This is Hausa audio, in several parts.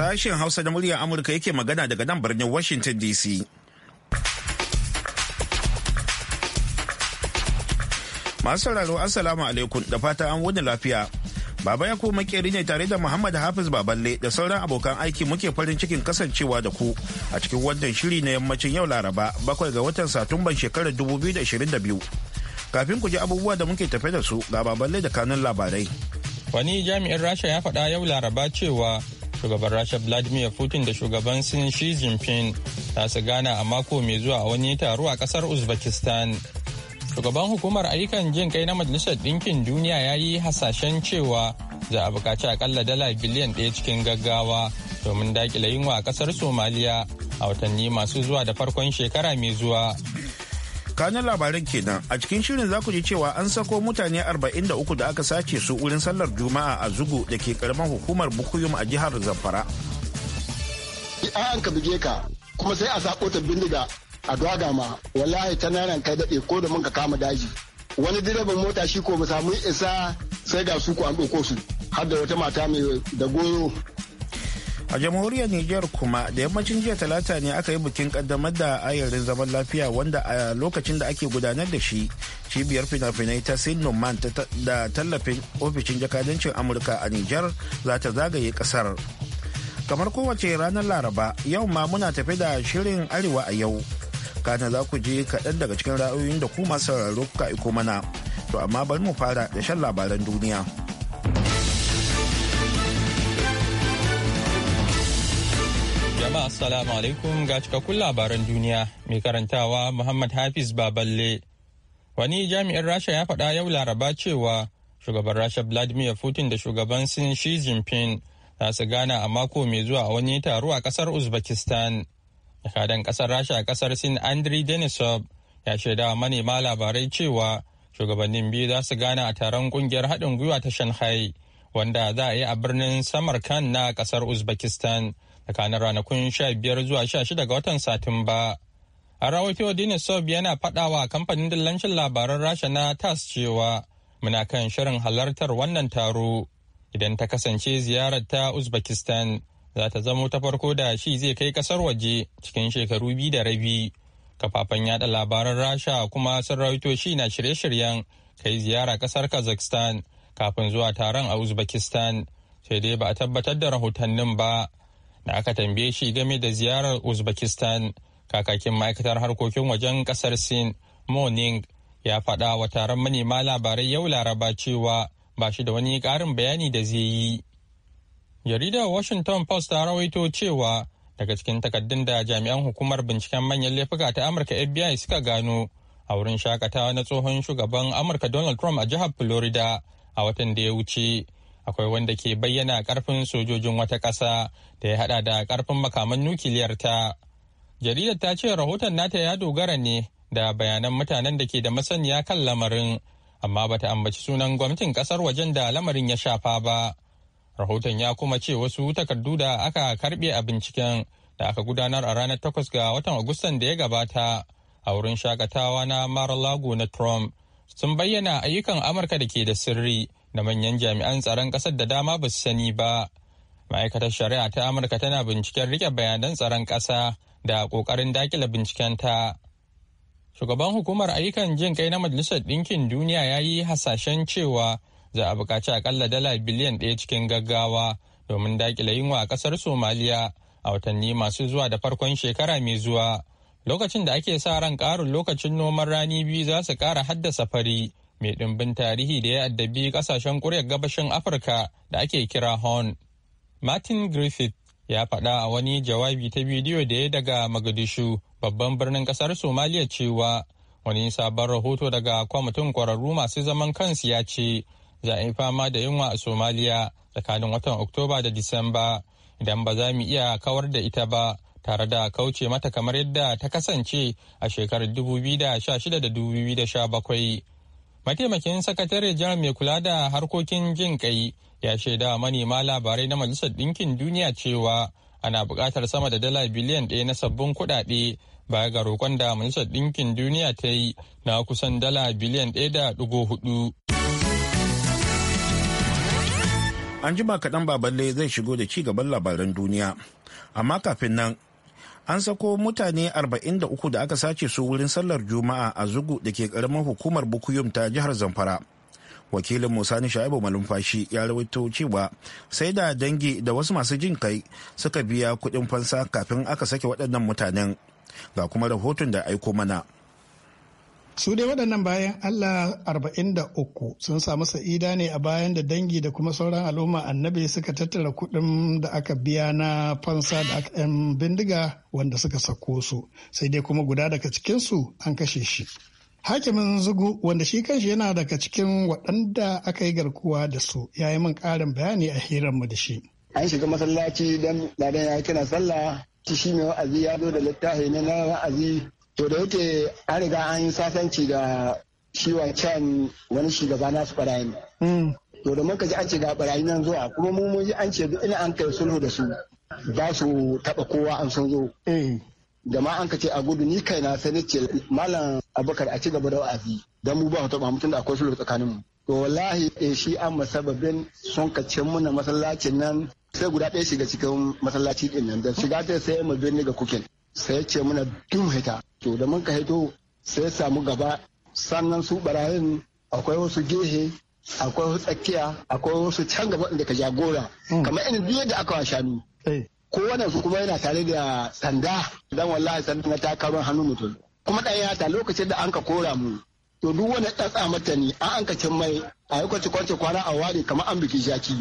Sashen Hausa da muryar Amurka yake magana daga nan birnin Washington DC. Masu sauraro Assalamu alaikum da fata an wuni lafiya. Baba ya kuma makeri ne tare da Muhammad Hafiz Baballe da sauran abokan aiki muke farin cikin kasancewa da ku a cikin wannan shiri na yammacin yau Laraba bakwai ga watan Satumban shekarar 2022. Kafin ku ji abubuwa da muke tafe da su ga Baballe da kanun labarai. Wani jami'in Rasha ya faɗa yau Laraba cewa shugaban rasha vladimir putin da shugaban sin shi jinping za su gana a mako mai zuwa a wani taro a kasar uzbekistan shugaban hukumar ayyukan jin kai na majalisar ɗinkin duniya ya yi hasashen cewa za a bukaci akalla dala biliyan ɗaya cikin gaggawa domin daƙile yunwa a kasar somaliya a watanni masu zuwa da farkon shekara mai zuwa kanin labaran kenan a cikin shirin za ku ji cewa an sako mutane 43 da aka sace su wurin sallar juma'a a zugu da ke karamar hukumar bukuyum a jihar zamfara an ka buge ka kuma sai a sako ta bindiga a daga ma wallahi ta nan kai daɗe ko da mun ka kama daji wani direban mota shi ko mu samu isa sai ga su ku an ɗauko su har da wata mata mai da goyo a jamhuriyar niger kuma da yammacin jiya talata ne aka yi bikin kaddamar da ayarin zaman lafiya wanda a lokacin da ake gudanar da shi cibiyar fina-finai ta sinuman da tallafin ofishin jakadancin amurka a niger za ta zagaye kasar kamar kowace ranar laraba yau ma muna tafi da shirin arewa a yau kana za ku je kaɗan daga cikin ra'ayoyin da ku masu sauraro kuka aiko mana to amma bari mu fara da shan labaran duniya. Jama'a assalamu alaikum ga cikakkun labaran duniya mai karantawa Muhammad Hafiz Baballe. Wani jami'in Rasha ya faɗa yau Laraba cewa shugaban Rasha Vladimir Putin da shugaban Sin Xi Jinping za su gana a mako mai zuwa a wani taro a ƙasar Uzbekistan. Jakadan ƙasar Rasha a ƙasar Sin Andri Denisov ya shaida wa manema labarai cewa shugabannin biyu za su gana a taron ƙungiyar haɗin gwiwa ta Shanghai wanda za a yi a birnin Samarkand na ƙasar Uzbekistan. tsakanin ranakun 15 zuwa 16 ga watan Satumba. A rawaito Denisov yana faɗawa kamfanin dillancin labaran Rasha na TAS cewa muna kan shirin halartar wannan taro idan ta kasance ziyarar ta Uzbekistan za ta zamo ta farko da shi zai kai kasar waje cikin shekaru biyu da rabi. Kafafen yada labaran Rasha kuma sun rawaito shi na shirye-shiryen kai ziyara kasar Kazakhstan kafin zuwa taron a Uzbekistan sai dai ba a tabbatar da rahotannin ba. da aka tambaye shi game da ziyarar uzbekistan kakakin ma'aikatar harkokin wajen kasar sin morning ya faɗa wa taron manema labarai yau laraba cewa ba shi da wani ƙarin bayani da zai yi jaridar washington post ta rawaito cewa daga cikin takaddun da jami'an hukumar binciken manyan laifuka ta amurka fbi suka gano a wurin shakatawa na tsohon shugaban amurka donald trump a jihar florida a watan da ya wuce akwai wanda ke bayyana karfin sojojin wata ƙasa da ya hada da karfin makaman nukiliyar ta jaridar ta ce rahoton nata ya dogara ne da bayanan mutanen da ke da masaniya kan lamarin amma bata ambaci sunan gwamnatin kasar wajen da lamarin ya shafa ba rahoton ya kuma ce wasu takardu da aka karbe a binciken da aka gudanar a ranar takwas ga watan agustan da ya gabata a wurin shakatawa na mar lago na trump sun bayyana ayyukan amurka da ke da sirri da manyan jami'an tsaron ƙasar da dama ba su sani ba ma'aikatar shari'a ta amurka tana binciken rike bayanan tsaron ƙasa da ƙoƙarin dakila ta. shugaban hukumar ayyukan jin kai na majalisar ɗinkin duniya ya yi hasashen cewa za a buƙaci akalla dala biliyan ɗaya cikin gaggawa domin dakila yunwa a ƙasar somaliya a watanni masu zuwa da farkon shekara mai zuwa lokacin da ake sa ran ƙarin lokacin noman rani biyu za su ƙara haddasa fari mai ɗimbin tarihi da ya addabi ƙasashen ƙuryar gabashin afirka da ake kira horn martin griffith ya faɗa a wani jawabi ta bidiyo da ya daga magadishu babban birnin ƙasar somaliya cewa wani sabon rahoto daga kwamitin ƙwararru masu zaman kansu ya ce za a yi fama da yunwa a somaliya tsakanin watan oktoba da disamba idan ba za mu iya kawar da ita ba tare da kauce mata kamar yadda ta kasance a shekarar 2016 da 2017 mataimakin sakatare jihar mai kula da harkokin jin kai ya shaida manema labarai na majalisar ɗinkin duniya cewa ana buƙatar sama da dala biliyan ɗaya na sabbin kuɗaɗe baya ga roƙon da majalisar ɗinkin duniya ta yi na kusan dala biliyan ɗaya da ɗigo hudu. an jima kaɗan baballe zai shigo da ci gaban labaran duniya amma kafin nan an sako mutane 43 da aka sace su wurin sallar juma'a a zugu da ke karamar hukumar bukuyum ta jihar zamfara wakilin musa musani sha'ibu malumfashi ya rawaito cewa sai da dangi da wasu masu jin kai suka biya kuɗin fansa kafin aka sake waɗannan mutanen ga kuma rahoton da aiko mana Su dai waɗannan bayan Allah 43 sun samu sa'ida ne a bayan da dangi da kuma sauran al'umma annabi suka tattara kuɗin da aka biya na fansa da aka yan bindiga wanda suka sako su sai dai kuma guda daga cikinsu an kashe shi. Hakimin Zugu wanda shi kanshi yana daga cikin waɗanda aka yi garkuwa da su ya yi min ƙarin bayani a hiranmu da shi. An shiga masallaci don ladan ya kina sallah shi mai wa'azi ya zo da littafi na wa'azi to da yake an riga an yi sasanci da shi wancan wani shugaba fara barayin hmm. to da muka ji an ce ga barayi nan zuwa kuma mu mun ji an ce ina an kai sulhu da su ba su taba kowa an sun zo eh. da ma an ka ce a gudu ni kai na sai ce malam abubakar a ci gaba da wa'azi dan mu ba mu taba mutum da akwai sulhu tsakanin mu to wallahi eh shi an masababin sun ka ce muna masallacin nan sai guda ɗaya shiga cikin masallaci din nan da shiga ta sai mu ni ga kukin sai ce muna dum haita to da mun ka hito sai samu gaba sannan su barayin akwai wasu gehe akwai wasu tsakiya akwai wasu can gaba inda ka jagora hmm. kamar irin biyu da aka wa shanu eh. kowane su kuma yana tare da sanda dan wallahi sanda na takarun hannu mutum kuma dan ya ta lokacin da an ka kora mu to duk wani tsatsa mata ne an an ka cin mai a yi kwace kwace kwana a ware kamar an biki shaki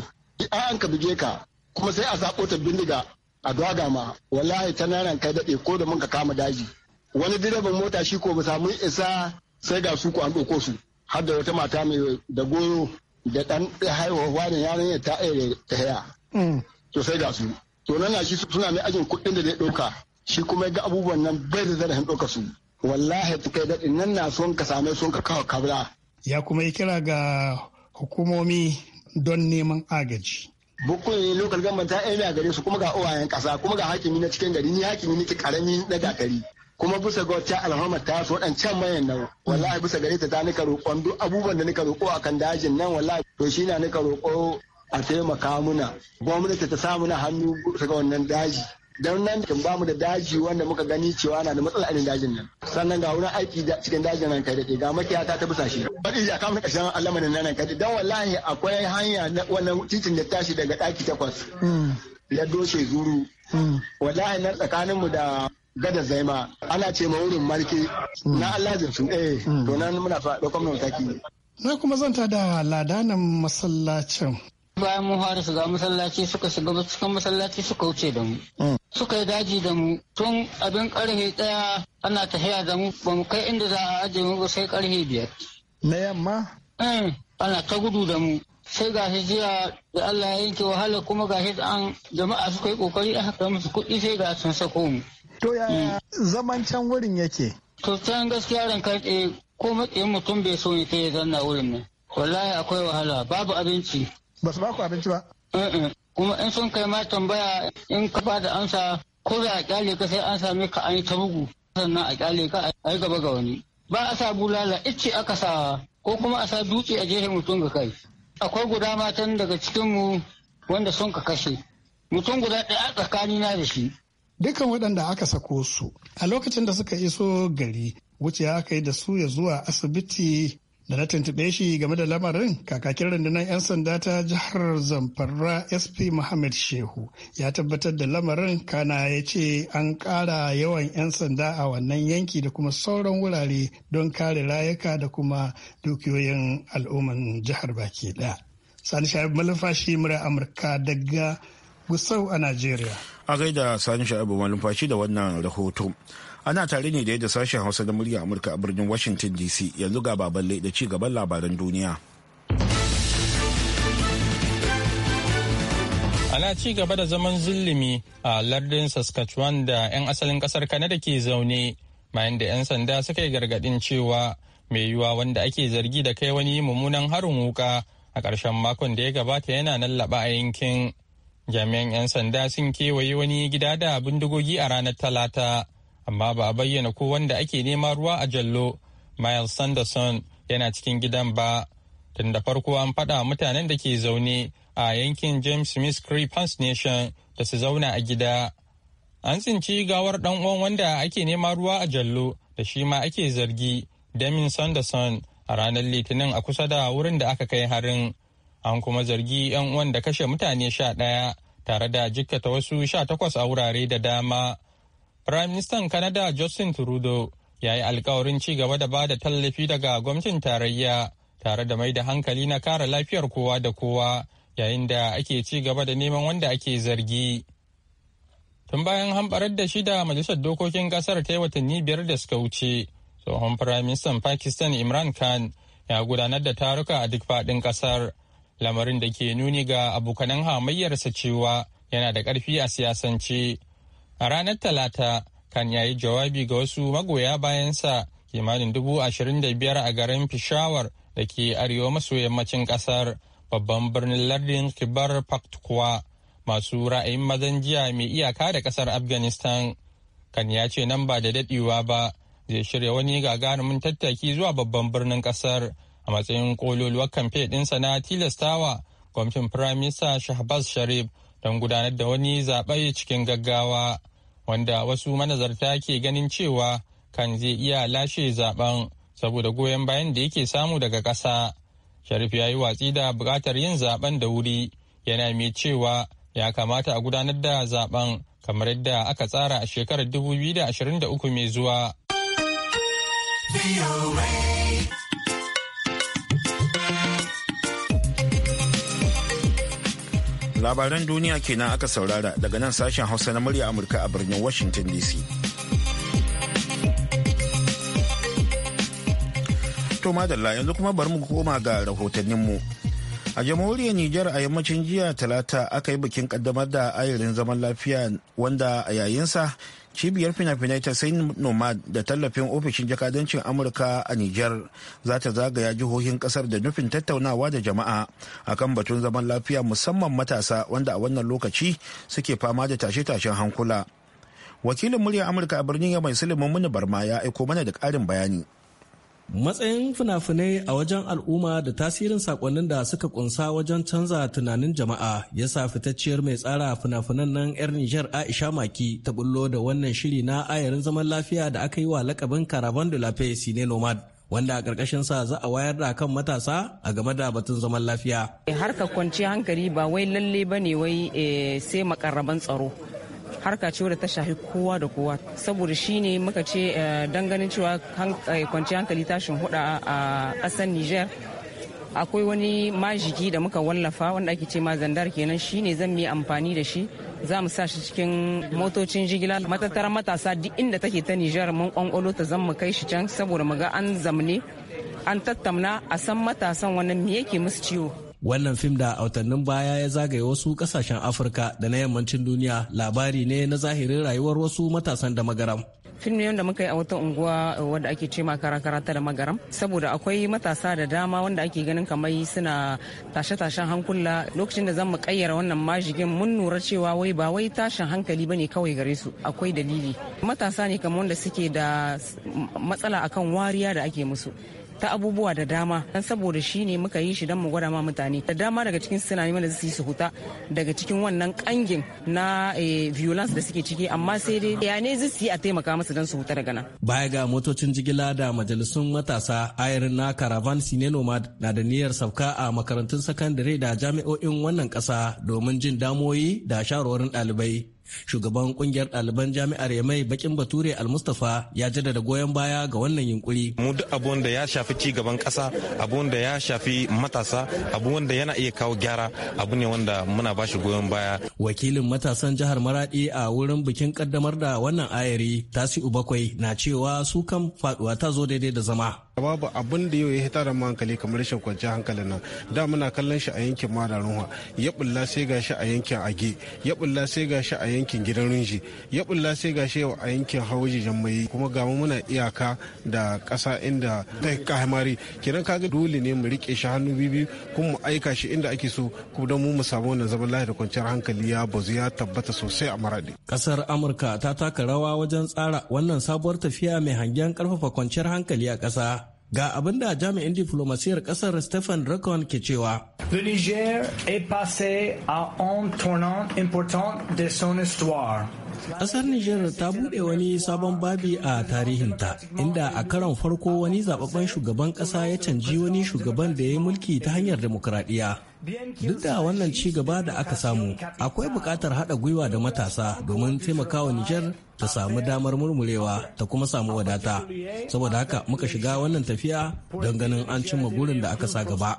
an an ka bige ka kuma sai a sako ta bindiga a dwaga ma wallahi ta nan kai daɗe ko da mun ka kama daji wani direban mota shi ko ba samu isa sai ga su ko an ɗauko su har da wata mata mai da goyo da ɗan haihuwa ne ya ta aire ta haya mm. to sai ga su to nan na shi suna mai ajin kuɗin da zai ɗauka shi kuma ga abubuwan nan bai da zarafin ɗauka su wallahi ta kai daɗin nan na son ka same son ka kawo kabla. ya kuma yi kira ga hukumomi don neman agaji. bukun ne lokal gamban ta a gare su kuma ga uwayen ƙasa kuma ga hakimi na cikin gari ni hakimi nake ƙarami na gatari kuma bisa ga wacce alhama ta su waɗancan mayan nan wallahi bisa gare ta ta nika roƙon duk abubuwan da nika roƙo akan dajin nan wallahi to shi na nika roƙo a taimaka muna gwamnati ta samu na hannu bisa ga wannan daji don nan kin bamu da daji wanda muka gani cewa na da matsala irin dajin nan sannan ga wurin aiki cikin dajin nan kai da ke ga makiyata ta bisa shi bari ya kama karshen alamarin nan kai don wallahi akwai hanya wannan titin da tashi daga daki takwas mm. ya doshe zuru mm. wallahi nan tsakaninmu da gada zaima ana ce ma wurin marke na alhajin su eh to nan muna fa kuma mutaki Na kuma zanta da ladanan masallacin bayan mun fara shiga masallaci suka shiga cikin masallaci suka wuce da mu. Mm. Suka yi daji da mu tun abin karfe daya ana tafiya da mu ba mu kai inda za a ajiye mu ba sai karfe biyar. Na yamma? Mm, ana ta gudu da mu. Sai ga shi jiya da Allah ya yanke wahala kuma ga shi an jama'a suka yi kokari a haka musu kuɗi sai ga sun sako mu. To ya zaman can wurin yake? To can gaskiya ran karɗe ko matsayin mutum bai so ne sai ya zanna wurin ne. Wallahi akwai wahala babu abinci. Ba su ba ku abinci ba? Kuma in sun kai ma tambaya in ka ba da ansa ko za a kyale ka sai an same ka an yi ta bugu sannan a kyale ka a yi gaba ga wani. Ba a sa bulala icce aka sa ko kuma a sa dutse a jefe mutum ga kai. Akwai guda matan daga cikinmu wanda sun ka kashe. Mutum guda ɗaya a tsakanina da shi. Dukan waɗanda aka sako su a lokacin da suka iso gari wuce aka yi da su ya zuwa asibiti da na tuntuɓe shi game da lamarin kakakin rundunar 'yan sanda ta jihar zamfara sp muhammad shehu ya tabbatar da lamarin kana ya ce an ƙara yawan 'yan sanda a wannan yanki da kuma sauran wurare don kare rayuka da kuma dukiyoyin al'umman jihar baki ɗaya sani shahab malafashi mura amurka daga gusau a najeriya a gaida sani sha'abu malumfashi da wannan rahoto ana tare ne da yadda sashen hausa na murya amurka a birnin washington dc yanzu ga baballe da ci gaban labaran duniya ana ci gaba da zaman zulumi a lardin saskatchewan da 'yan asalin kasar kanada ke zaune bayan da 'yan sanda suka yi gargadin cewa mai yiwuwa wanda ake zargi da kai wani mummunan harin wuka a ƙarshen makon da ya gabata yana nan a yankin jami'an 'yan sanda sun kewaye wani gida da bindigogi a ranar talata amma ba a bayyana ko wanda ake nema ruwa a jallo miles sanderson yana cikin gidan ba tun da farko an faɗa mutanen da ke zaune a yankin james smith creek nation da su zauna a gida an tsinci gawar dan uwan wanda ake nema ruwa a jallo da shi ma ake zargi damin sanderson a ranar litinin a kusa da wurin da aka kai harin an kuma zargi 'yan uwan da kashe mutane sha ɗaya tare da jikkata wasu sha takwas a wurare da dama prime minister canada justin trudeau ya yi alkawarin ci gaba da ba da tallafi daga gwamnatin tarayya tare da mai da hankali na kare lafiyar kowa da kowa yayin da ake ci gaba da neman wanda ake zargi tun bayan hamɓarar da shida majalisar dokokin kasar ta yi watanni biyar da suka wuce tsohon firaministan pakistan imran khan ya gudanar da taruka a duk faɗin ƙasar lamarin da ke nuni ga abokanan hamayyarsa cewa yana da ƙarfi a siyasance. A ranar Talata, kan yayi jawabi ga wasu magoya bayansa kimanin dubu ashirin da biyar a garin Peshawar da ke arewa maso yammacin ƙasar babban birnin lardin Kibar Paktukwa masu ra'ayin mazan jiya mai iyaka da ƙasar Afghanistan. Kan ya ce nan ba da daɗewa ba zai shirya wani gagarumin tattaki zuwa babban birnin ƙasar a matsayin kololuwar kamfe ɗinsa na tilastawa gwamnatin firaminista shahbaz sharif don gudanar da wani zaɓe cikin gaggawa wanda wasu manazarta ke ganin cewa kan zai iya lashe zaben saboda goyon bayan da yake samu daga ƙasa sharif ya yi watsi da buƙatar yin zaben da wuri yana mai cewa ya kamata a gudanar da zaben kamar yadda aka tsara a shekarar 2023 mai zuwa. labaran duniya kenan aka saurara daga nan sashen hausa na murya amurka a birnin washington dc to madalla yanzu kuma bari mu koma ga rahotanninmu a jamhuriyar nijar a yammacin jiya talata aka yi bikin kaddamar da ayarin zaman lafiya wanda a yayinsa cibiyar fina-finai ta sai nomad da tallafin ofishin jakadancin amurka a niger za ta zagaya jihohin kasar da nufin tattaunawa da jama'a akan batun zaman lafiya musamman matasa wanda a wannan lokaci suke fama da tashe-tashen hankula wakilin murya amurka a birnin ya mai muni barma ya aiko mana da karin bayani matsayin fina-finai a wajen al'umma da tasirin sakonnin da suka kunsa wajen canza tunanin jama'a ya sa fitacciyar mai tsara fina-finan nan 'yar nijar aisha maki ta bullo da wannan shiri na ayarin zaman lafiya da aka yi wa lakabin caravan de la paix sine nomad wanda a ƙarƙashin sa za a wayar da kan matasa a game da batun zaman lafiya harkar kwanciyar hankali ba wai lalle ba ne wai eh, sai makarraban tsaro harka ce wadda ta shafi kowa da kowa saboda shi ne muka ce eh, ganin cewa eh, kwanci hankali tashin huda a kasar niger akwai wani majigi da muka wallafa wanda ake ce ma zandar kenan shi ne zan yi amfani da shi za mu sa shi cikin motocin jigila matattarar matasa duk inda take ta niger mun kwankwalo ta zan mu kai shi can saboda mu ga an zamne an tattamna a san matasan wannan me yake musu ciwo wannan fim da autannin baya ya zagaye wasu kasashen afirka da na yammacin duniya labari ne na zahirin rayuwar wasu matasan da magaram fim ne wanda muka yi a wata unguwa eh, wadda ake ce ma karakara ta da magaram saboda akwai matasa da dama wanda ake ganin kamar suna tashe-tashen hankula lokacin da zamu kayyara wannan majigin mun nura cewa wai ba wai tashin hankali bane kawai gare su akwai dalili matasa ne kamar wanda suke da matsala akan wariya da ake musu ta abubuwa da dama dan saboda shi ne muka yi shi dan mu gwada ma mutane da dama daga cikin suna neman da su yi su huta daga cikin wannan kangin na eh, violence da suke ciki amma sai dai ya ne zai yi a taimaka musu dan su huta daga nan baya ga motocin jigila da majalisun matasa ayarin na caravan sine nomad na da niyyar sauka a makarantun sakandare da jami'o'in wannan kasa domin jin damoyi da shawarwarin ɗalibai shugaban kungiyar ɗaliban jami'ar ya mai bakin bature almustafa ya jaddada goyon baya ga wannan yunkuri mu duk abun da ya shafi ci gaban ƙasa abun da ya shafi matasa abu wanda yana iya kawo gyara abu ne wanda muna bashi goyon baya wakilin matasan jihar maradi a wurin bikin kaddamar da wannan ayari Tasi'u Bakwai, na cewa su kan faduwa ta zo daidai da zama babu abin da yau ya hita da hankali kamar rashin kwanciyar hankalin nan da muna kallon shi a yankin ruwa ya bulla sai gashi a yankin age ya bulla sai gashi a yankin gidan runji ya bulla sai gashi shi a yankin hauji jammai kuma ga muna iyaka da ƙasa inda ta kamari ka kaga dole ne mu rike shi hannu bibi kuma mu aika shi inda ake so kuma don mu mu samu wannan zaman lafiya da kwanciyar hankali ya bazu ya tabbata sosai a maradi kasar amurka ta taka rawa wajen tsara wannan sabuwar tafiya mai hangen karfafa kwanciyar hankali a ƙasa Ga abin da jami'in diflomasiyar kasar Stephen Rakon ke cewa. Le Niger est passé a un tournant important de son histoire. Ƙasar Nijar ta buɗe wani sabon babi a tarihinta, inda a karon farko wani zababben shugaban ƙasa ya canji wani shugaban da ya yi mulki ta hanyar demokuraɗiyya. Duk da wannan ci gaba da aka samu, akwai buƙatar haɗa gwiwa da matasa domin taimakawa Nijar ta samu damar murmurewa ta kuma samu wadata saboda haka muka shiga wannan tafiya don ganin an cimma gurin da aka sa gaba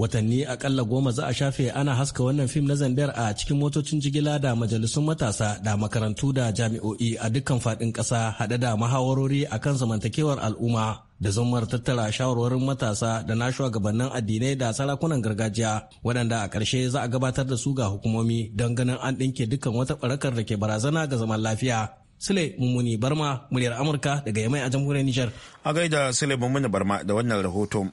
watanni akalla goma za a shafe ana haska wannan fim na zandar a cikin motocin jigila da majalisun matasa da makarantu da jami'o'i a dukkan fadin kasa hade da mahawarori akan zamantakewar al'umma da zammar tattara shawarwarin matasa da na shugabannin addinai da sarakunan gargajiya waɗanda a ƙarshe za a gabatar da su ga hukumomi don ganin an ɗinke dukkan wata barakar da ke barazana ga zaman lafiya. Sule Mummuni Barma, muryar Amurka daga Yamai a jamhuriyar Nijar. A gaida Sule Mummuni Barma da wannan rahoton.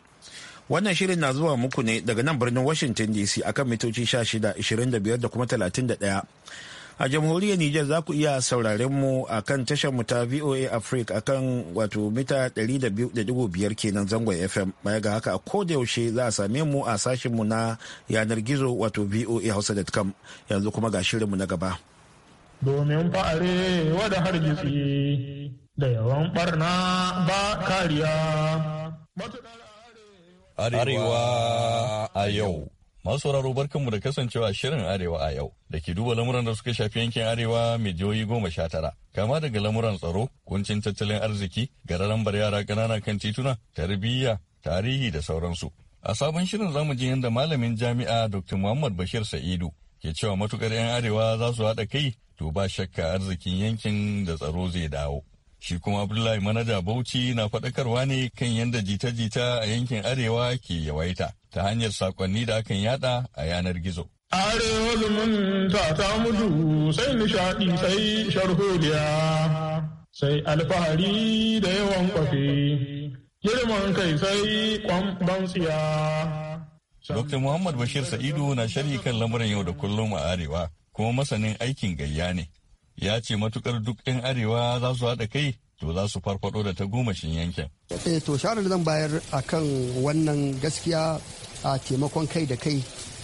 Wannan shirin na zuwa muku ne daga nan birnin Washington DC akan mitoci 16, 25 da kuma 31. a jamhuriyar Nijar za ku iya sauraren mu a kan tashar mu ta VOA Africa a kan wato mita 200.5 kenan zangon FM baya ga haka a yaushe za a same mu a sashen mu na yanar gizo wato Hausa.com yanzu kuma ga shirinmu na gaba. Domin fa'are wada hargitsi da yawan barna ba kariya. Arewa a yau. Masu sauraro barkanmu da kasancewa shirin Arewa a yau da ke duba lamuran da suka shafi yankin Arewa mai jihohi goma sha tara. Kama daga lamuran tsaro, kuncin tattalin arziki, gara lambar yara ƙanana kan tituna, tarbiyya, tarihi da sauransu. A sabon shirin zamu ji yadda malamin jami'a Dr. Muhammad Bashir Sa'idu ke cewa matukar 'yan Arewa za su haɗa kai to ba shakka arzikin yankin da tsaro zai dawo. Shi kuma Abdullahi Manaja Bauchi na faɗakarwa ne kan yadda jita-jita a yankin Arewa ke yawaita ta hanyar sakonni da akan yada a yanar gizo. Arewa ta ta mutu sai nishaɗi sai sharholiya sai alfahari da yawan kwafe girman kai sai kwamban tsiya. Dr. Muhammad Bashir Sa'idu na sharhi kan lamuran yau da kullum a Arewa kuma masanin aikin gayya ne. ya ce matukar duk 'yan arewa za su haɗa kai to za su farfado da ta gomashin yankin. Eh, to shawarar zan bayar a kan wannan gaskiya a taimakon kai da kai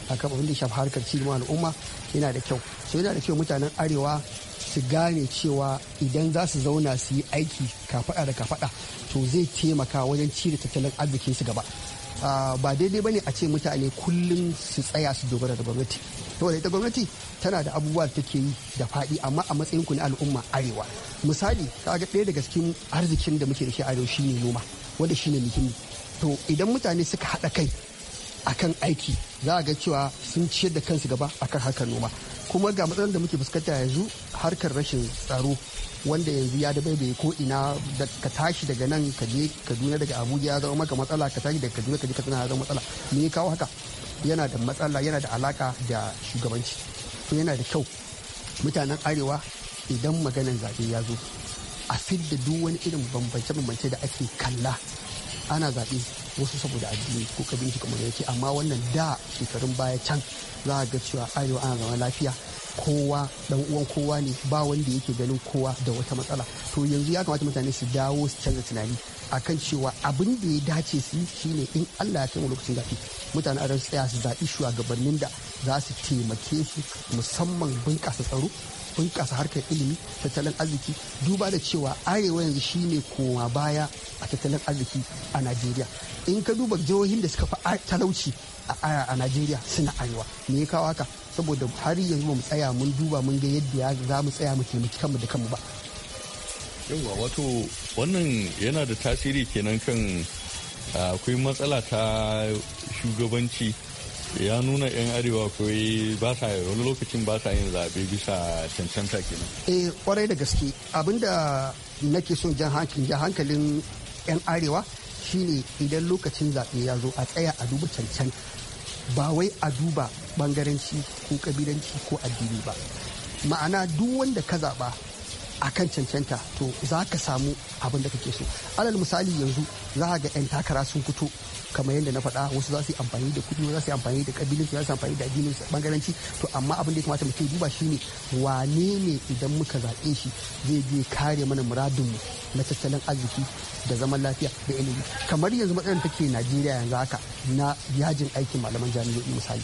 a kafin da shafi harkar cigaban al'umma yana da kyau. So yana da kyau mutanen arewa su gane cewa idan za su zauna su yi aiki kafaɗa da kafaɗa to zai taimaka wajen cire tattalin arzikin su gaba. Ah, ba daidai bane a ce mutane kullum su tsaya su dogara da gwamnati saboda ita gwamnati tana da abubuwa da take yi da faɗi amma a matsayin ku na al'umma arewa misali kaga ɗaya daga cikin arzikin da muke da shi arewa shine noma wanda shine muhimmi to idan mutane suka haɗa kai akan aiki za a ga cewa sun ciyar da kansu gaba akan harkar noma kuma ga matsalar da muke fuskanta yanzu harkar rashin tsaro wanda yanzu ya da bai ko ina da ka tashi daga nan ka je kaduna daga abuja ya zama maka matsala ka tashi daga kaduna ka je katsina ya zama matsala me kawo haka yana da matsala yana da alaka da shugabanci to yana da kyau mutanen arewa idan maganan zaɓe ya zo a fidda duk wani irin bambance-bambance da ake kalla ana zaɓe wasu saboda addini ko kabilanci kamar yake amma wannan da shekarun baya can za a ga cewa arewa ana zama lafiya kowa dan uwan kowa ne ba wanda yake ganin kowa da wata matsala to yanzu ya kamata mutane su dawo su canza tunani akan cewa abin da ya dace su yi shine in Allah ya kai lokacin zafi mutane a tsaya su zaɓi shugabannin da za su taimake su musamman bunƙasa tsaro bunƙasa harkar ilimi tattalin arziki duba da cewa arewa yanzu shine koma baya a tattalin arziki a najeriya in ka duba jihohin da suka fi talauci a najeriya suna arewa me ya kawo haka saboda har yanzu mu tsaya mun duba mun ga yadda za mu tsaya mu taimaki kanmu da kanmu ba Yawwa wato wannan yana da tasiri kenan kan ah, akwai matsala ta shugabanci ya nuna 'yan arewa kawai ba sa wani lokacin ba sa yin zaɓe bisa cancanta kenan. eh kwarai da gaske abinda nake son jan hankalin 'yan arewa shine idan lokacin zaɓe ya zo a tsaya a duba cancanta ba wai a duba bangaranci ko kabilanci ko addini ba ma'ana duk wanda ka zaɓa a kan cancanta to za ka samu abin da kake so alal misali yanzu za ga 'yan takara sun fito kamar yadda na faɗa wasu za su amfani da kuɗi za su yi amfani da ƙabilin za su amfani da addinin su bangaranci to amma abin da ya kamata mutum duba shine wane ne idan muka zaɓe shi zai je kare mana muradinmu na tattalin arziki da zaman lafiya da ilimi kamar yanzu matsalar take Najeriya yanzu haka na yajin aikin malaman jami'o'i misali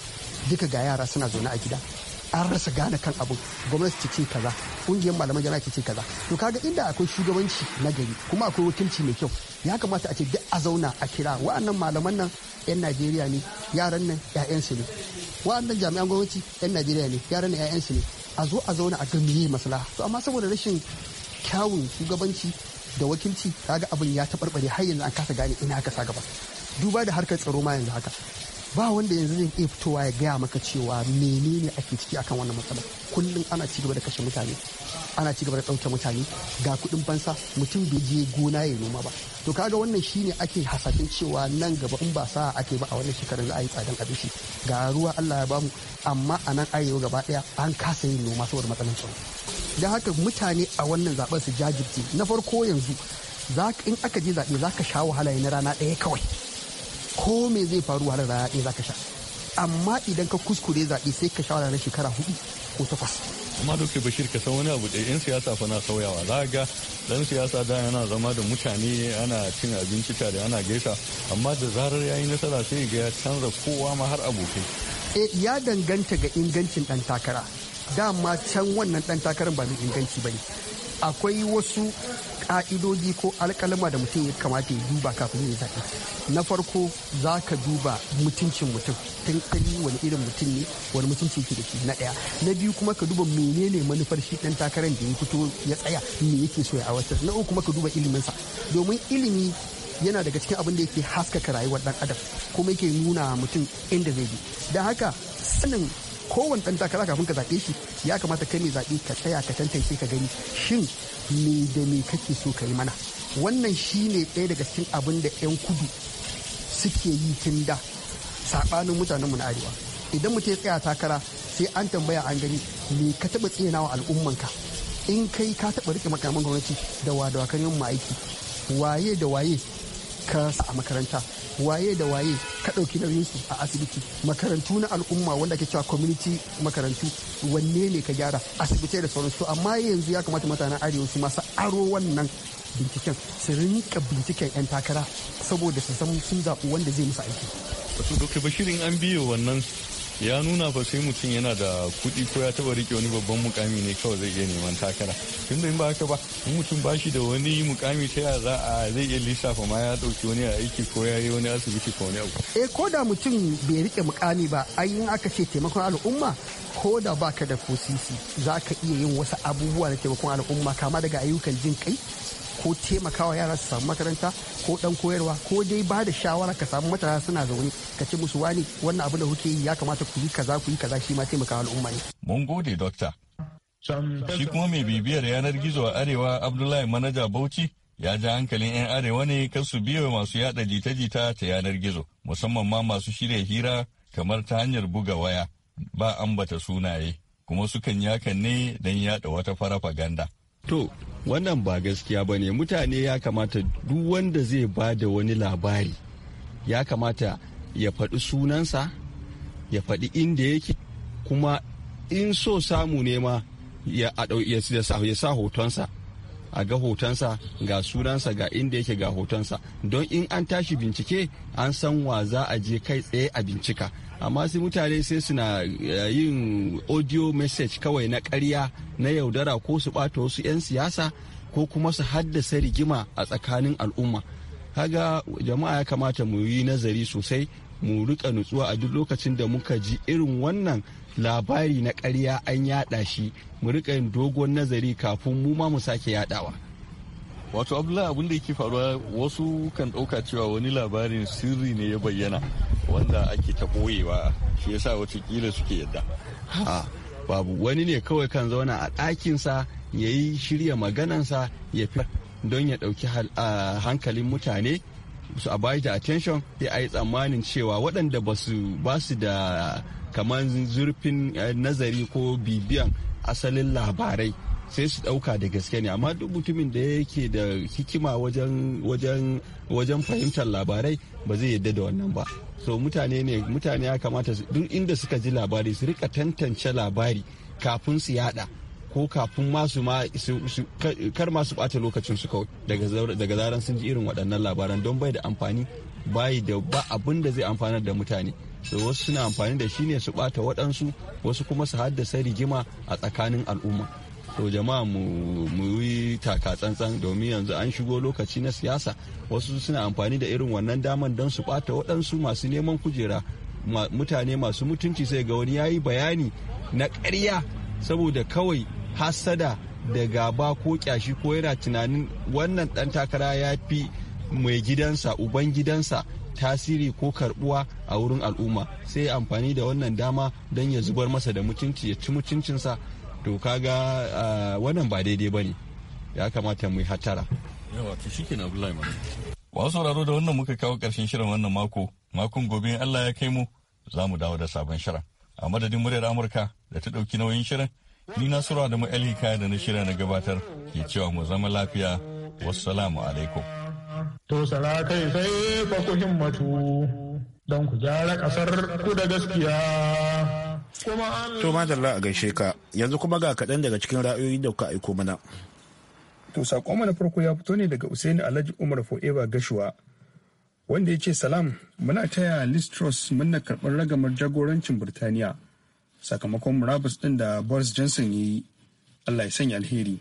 duka ga yara suna zaune a gida an rasa gane kan abu gwamnati ce kaza kungiyar malaman jama'a ce kaza to kaga inda akwai shugabanci na gari kuma akwai wakilci mai kyau ya kamata a ce duk a zauna a kira wa'annan malaman nan 'yan najeriya ne yaran nan su ne wa'annan jami'an gwamnati 'yan najeriya ne yaran nan su ne a zo a zauna a ga meye maslaha to amma saboda rashin kyawun shugabanci da wakilci kaga abin ya taɓarɓare har yanzu an kasa gane ina aka sa gaba duba da harkar tsaro ma yanzu haka ba wanda yanzu zai iya fitowa ya gaya maka cewa menene ake ciki akan wannan matsala kullum ana ci gaba da kashe mutane ana ci gaba da ɗauke mutane ga kuɗin fansa mutum bai je gona ya noma ba to kaga wannan shine ake hasashen cewa nan gaba in ba sa ake ba a wannan shekarar za a yi tsadan abinci ga ruwa Allah ya bamu amma a nan arewa gaba ɗaya an kasa yin noma saboda matsalan tsaro don haka mutane a wannan zaɓen su jajirce na farko yanzu in aka je zaɓe za ka sha wahala na rana ɗaya kawai ko me zai faru wahalar rana ɗaya za ka sha amma idan ka kuskure zaɓe sai ka sha ranar shekara hudu ko takwas. amma duk bashir ka san wani abu da yan siyasa fa na sauyawa za dan siyasa da yana zama da mutane ana cin abinci tare ana gaisa amma da zarar yayi nasara sai ga ya canza kowa ma har abokai. Eh, ya danganta ga ingancin dan takara dama can wannan dan takarar ba mai inganci ba ne akwai wasu ka'idoji ko alkalama da mutum ya kamata ya duba kafin ya zaɓe na farko za ka duba mutuncin mutum tun kai wani irin mutum ne wani mutunci ke da shi na ɗaya na biyu kuma ka duba menene manufar shi ɗan takarar da ya fito ya tsaya me yake so ya awatar na uku kuma ka duba iliminsa domin ilimi yana daga cikin abin da yake haskaka rayuwar ɗan adam kuma yake nuna mutum inda zai bi don haka sanin kowane ɗan takara kafin ka zaɓe shi ya kamata kai mai zaɓe ka tsaya ka tantance ka gani shin me da me kake so ka yi mana wannan shi ne ɗaya daga cikin abin da 'yan kudu suke yi tun da saɓanin mutanenmu na arewa idan mutum ya tsaya takara sai an tambaya an gani me ka taɓa tsinawa al'ummanka in kai ka taɓa rike makaman gwamnati da wadawa kan yin aiki waye da waye ka a makaranta waye da waye ka ɗauki su a asibiti makarantu na al'umma wanda ke cewa community makarantu wanne ne ka gyara asibitai da sauransu amma yanzu ya kamata mutanen arewa su masu aro wannan binciken su rinka binciken 'yan takara saboda su san sun zaɓi wanda zai musu aiki. Wato dokta Bashirin an biyo wannan ya nuna fa sai mutum yana da kuɗi ko ya taba rike wani babban mukami ne kawai zai iya neman takara tun da in ba haka ba in mutum ba shi da wani mukami ta ya za a zai iya lissafa ma ya ɗauki wani a aiki ko ya yi wani asibiti ko wani abu. eh ko da mutum bai rike mukami ba ai in aka ce taimakon al'umma ko da baka da kusisi za ka iya yin wasu abubuwa na taimakon al'umma kama daga ayyukan jin kai ko taimakawa yara su samu makaranta ko dan koyarwa ko dai ba da shawara ka samu matasa suna zaune ka ce musu wani wannan abu da kuke yi ya kamata ku yi kaza ku yi kaza shi ma taimakawa al'umma ne. Mun gode dokta. Shi kuma mai bibiyar yanar gizo a arewa Abdullahi Manaja Bauchi ya ja hankalin 'yan arewa ne kan su biyo masu yada jita-jita ta yanar gizo musamman ma masu shirya hira kamar ta hanyar buga waya ba ambata sunaye kuma sukan yakan ne don yada wata ganda. To, wannan ba gaskiya ba ne mutane ya kamata duk wanda zai ba da wani labari ya kamata ya faɗi sunansa ya faɗi inda yake kuma in so samu ne ma ya sa hotonsa a ga hotonsa ga sunansa ga inda yake ga hotonsa don in an tashi bincike an san wa za a je kai tsaye a bincika amma sai mutane sai suna eh, yin audio message kawai na karya na yaudara ko su ɓata wasu 'yan siyasa ko kuma su haddasa rigima a tsakanin al'umma haga jama'a ya kamata mu yi nazari sosai mu rika nutsuwa a duk lokacin da muka ji irin wannan labari na karya an yaɗa shi mu rika yin dogon nazari kafin mu ma mu sake yaɗawa. wato abdullahi abin da yake faruwa wasu kan ɗauka cewa wani labarin sirri ne ya bayyana wanda ake ta ɓoyewa shi yasa watakila suke yadda ah. Ah, babu wani ne kawai kan zauna a ɗakinsa ya yi shirya maganansa ya fi don ya ɗauki ah, hankalin mutane su abai da attention ya a yi tsammanin cewa waɗanda ba su da kamar zurfin eh, nazari ko bibiyan asalin labarai sai su ɗauka da gaske ne amma duk mutumin da yake da hikima wajen fahimtar labarai ba zai yadda da wannan ba so mutane ne mutane ya kamata duk inda suka ji labari su rika tantance labari kafin su yada ko kafin masu ma kar masu bata lokacin su kawai daga zaran sun ji irin waɗannan labaran don bai da amfani bai da ba abin da zai amfanar da mutane so wasu suna amfani da shi ne su bata waɗansu wasu kuma su haddasa rigima a tsakanin al'umma to jama'a mu yi taka tsantsan domin yanzu an shigo lokaci na siyasa wasu suna amfani da irin wannan daman don su bata waɗansu masu neman kujera mutane masu mutunci sai ga wani yayi bayani na ƙarya saboda kawai hassada da gaba ko ƙyashi ko yana tunanin wannan ɗan takara ya fi mai gidansa uban gidansa tasiri ko karbuwa a wurin al'umma sai amfani da wannan dama don ya zubar masa da mutunci ya ci mutuncinsa to kaga wannan ba daidai ba ne ya kamata mu yi hatara yawa wa sauraro da wannan muka kawo karshen shirin wannan mako makon gobe allah ya kai mu za mu dawo da sabon shirin a madadin muryar amurka da ta ɗauki nauyin shirin ni na sura da ma'ali kaya da na shirya na gabatar ke cewa mu zama lafiya wassalamu alaikum to kai sai fa ku himmatu don ku gyara ƙasar ku da gaskiya To madalla a gaishe ka yanzu kuma ga kaɗan daga cikin ra'ayoyi da kuka aiko mana. To saƙo mana farko ya fito ne daga Usaini Alhaji Umar Fo'eba Gashuwa wanda ya ce salam muna taya Listros muna karɓar ragamar jagorancin Birtaniya sakamakon murabus ɗin da Boris Johnson ya yi Allah ya sanya alheri.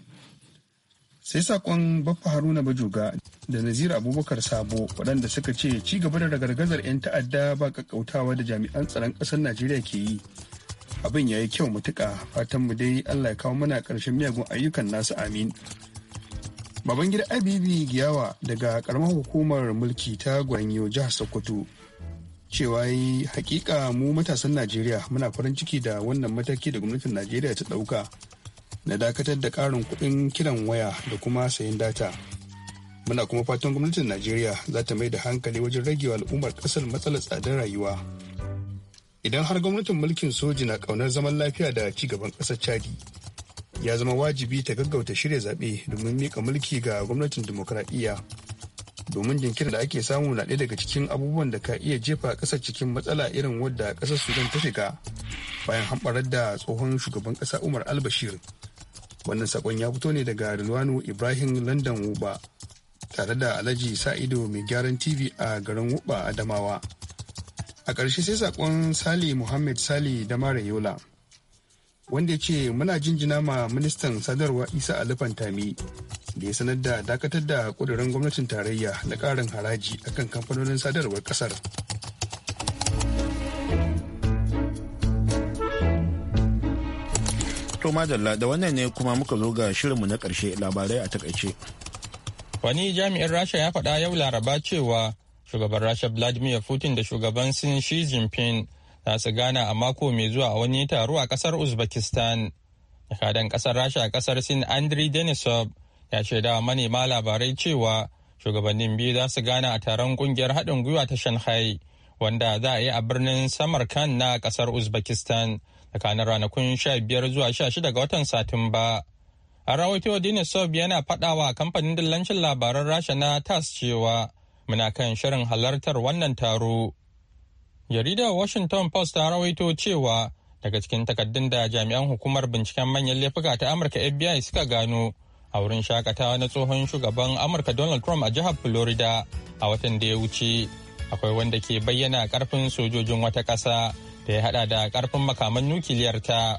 Sai saƙon Baffa Haruna Bajoga da Nazir Abubakar Sabo waɗanda suka ce ci gaba da ragargazar 'yan ta'adda ba ƙaƙƙautawa da jami'an tsaron ƙasar Najeriya ke yi abin ya yi kyau mutuka fatan mu dai allah ya kawo mana ƙarshen miyagun ayyukan nasu amin babangida abibi giyawa daga karamar hukumar mulki ta gwanyo jihar sokoto cewa yi hakika mu matasan najeriya muna farin ciki da wannan mataki da gwamnatin najeriya ta ɗauka. na dakatar da karin kuɗin kiran waya da kuma sayan data muna kuma fatan gwamnatin najeriya za ta mai da hankali wajen ragewa al'ummar ƙasar matsalar tsadar rayuwa idan har gwamnatin mulkin soji na kaunar zaman lafiya da ci gaban ƙasar chadi ya zama wajibi ta gaggauta shirya zaɓe domin miƙa mulki ga gwamnatin dimokuraɗiyya domin jinkirin da ake samu na ɗaya daga cikin abubuwan da ka iya jefa ƙasar cikin matsala irin wadda ƙasar sudan ta shiga bayan hamɓarar da tsohon shugaban ƙasa umar albashir wannan sakon ya fito ne daga rilwanu ibrahim london wuba tare da alhaji sa'ido mai gyaran tv a garin wuba adamawa a ƙarshe sai saƙon sali muhammad sali da mara yola wanda ya ce muna jinjina ma ministan sadarwa isa alifantami da ya sanar da dakatar da ƙudurin gwamnatin tarayya na ƙarin haraji akan kamfanonin sadarwar ƙasar to madalla da wannan ne kuma muka zo ga shirinmu na ƙarshe labarai a takaice. Wani jami'in Rasha ya faɗa yau Laraba cewa shugaban rasha vladimir putin da shugaban sin shi jinping za su gana a mako mai zuwa a wani taro a kasar uzbekistan jakadan kasar rasha a kasar sin andri denisov ya shaida wa manema labarai cewa shugabannin biyu za su gana a taron kungiyar haɗin gwiwa ta shanghai wanda za a yi a birnin samar samarkand na kasar uzbekistan tsakanin ranakun sha biyar zuwa 16 ga watan satumba a rawaito denisov yana faɗawa kamfanin dillancin labaran rasha na tas cewa muna kan shirin halartar wannan taro. Jaridar Washington Post ta rawaito cewa daga cikin takaddun da jami'an hukumar binciken manyan laifuka ta Amurka FBI suka gano a wurin shakatawa na tsohon shugaban Amurka Donald Trump a jihar Florida a watan da ya wuce. Akwai wanda ke bayyana karfin sojojin wata ƙasa da ya hada da karfin makaman nukiliyar ta.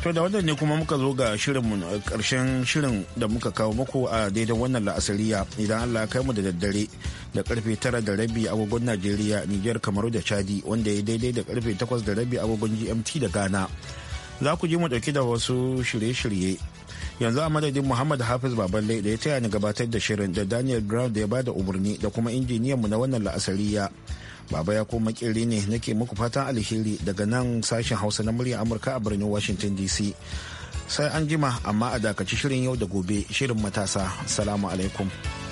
To da wannan ne kuma muka zo ga shirinmu karshen shirin da muka kawo muku a daidai wannan la'asariya idan Allah kai mu da daddare da karfe tara da rabi agogon Najeriya, Nijar, Kamaru da Chadi wanda ya daidai da karfe takwas da rabi agogon GMT da Ghana. Za ku ji mu dauki da wasu shirye-shirye. Yanzu a madadin Muhammad Hafiz Baballe da ya taya ni gabatar da shirin da Daniel Brown da ya bada umarni da kuma injiniyanmu na wannan la'asariya. Baba ya koma makeri ne nake muku fatan alheri daga nan sashen Hausa na murya Amurka a birnin Washington DC. Sai an jima amma a dakaci shirin yau da gobe shirin matasa. Salamu alaikum.